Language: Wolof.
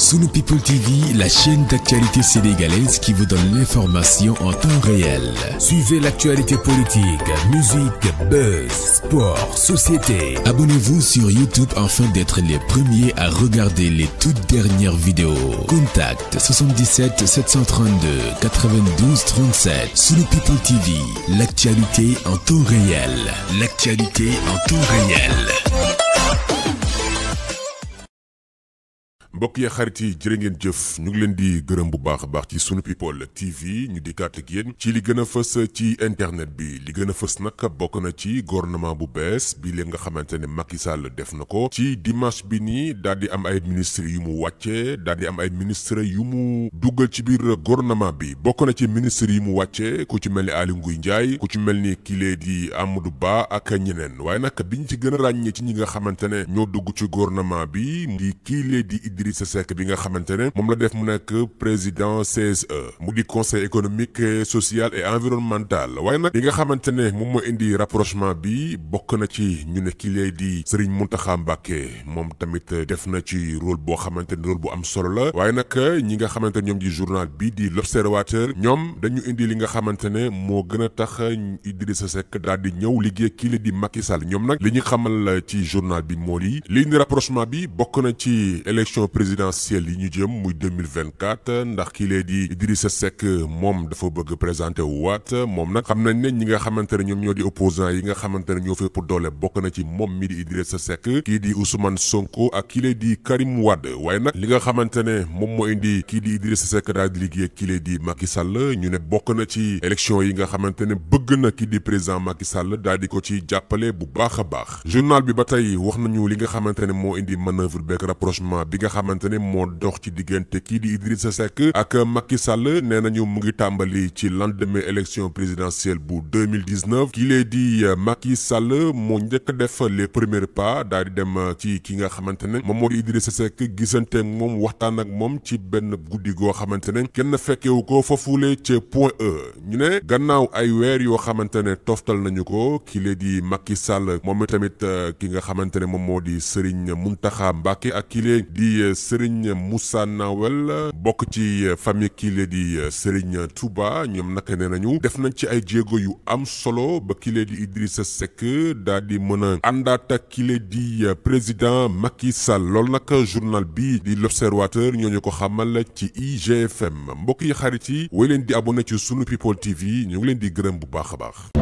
Sunu People TV, la chaîne d'actualité sénégalaise qui vous donne l'information en temps réel. Suivez l'actualité politique, musique, buzz, sport, société. Abonnez-vous sur YouTube afin d'être les premiers à regarder les toutes dernières vidéos. Contact 77 732 92 37. Sunu People TV, l'actualité en temps réel. L'actualité en temps réel. bokk yi xarit yi jërë ngeen jëf ñu ngi leen di gërëm bu baax a baax ci sunu people TV ñu dikkaat ak yéen ci li gën a fës ci internet bi li gën a fës nag bokk na ci gouvernement bu bees bi leen nga xamante ne Macky Sall def na ko ci dimanche bi nii daal di am ay ministre yu mu wàcce daal di am ay ministre yu mu duggal ci biir gouvernement bi bokk na ci ministre yu mu wàcce ku ci mel ni Aly Ngouille Ndiaye ku ci mel ni kile di du Ba ak ñeneen waaye nag bi ñu ci gën a ràññee ci ñi nga xamante ne ñoo dugg ci gouvernement bi di kile di Idrissa Seck bi nga xamante ne moom la def mu nekk président CSE mu di conseil économique social et environnemental waaye nag li nga xamante moom moo indi rapprochement bi bokk na ci ñu ne ki di Serigne Mountakha Mbacké moom tamit def na ci rôle boo xamante ne rôle bu am solo la waaye nag ñi nga xamante ne ñoom di journal bi di l'Observateur ñoom dañu indi li nga xamante ne moo gën a tax Idrissa Seck daal di ñëw liggéey kii la di Macky Sall ñoom nag li ñu xamal ci journal bi moo lii li indi rapprochement présidentielle yi ñu jëm muy 2024 ndax kii lee di Idrissa Seck moom dafa bëgg présenté waat moom nag xam nañ ne ñi nga xamante ñoom ñoo di opposants yi nga xamante ne ñoo fépp doole bokk na ci moom mi di Idrissa Seck kii di Ousmane Sonko ak kii di Karim Wade waaye nag li nga xamante moom moo indi kii di Idrissa Seck daal di liggéey kii di Macky ñu ne bokk na ci élection yi nga xamante bëgg na kii di président Macky Sall di ko ci jàppale bu a xamante ne moo dox ci diggante kii di Idrissa Seck ak Macky Sall nee ñu mu ngi tàmbali ci lendemain élection présidentielle bu 2019 kii lay di euh, Macky Sall moo njëkk def les premiers pas daal di dem euh, ci ki nga xamante ne moom moo di Idrissa Seck gisante ak moom waxtaan ak moom ci benn guddi goo xamante ne kenn fekkewu ko foofule ci point E ñu ne gannaaw ay weer yoo xamante ne toftal nañu ko kii lay di Macky Sall moom tamit euh, ki nga xamante ne moom moo di Serigne Mountakha ak kii Serigne Moussa Nawel bokk ci famille kii la di Serigne Touba ñoom naka nee nañu def nañ ci ay jéego yu am solo ba kii la di sa Seck daal di mën a àndaat ak kii la di président Macky sal lool nag journal bi di l'Observateur ñoo ñu ko xamal ci IGFM mbokk yi xarit yi way leen di abonné ci sunu People TV ñu ngi leen di gërëm bu baax a baax.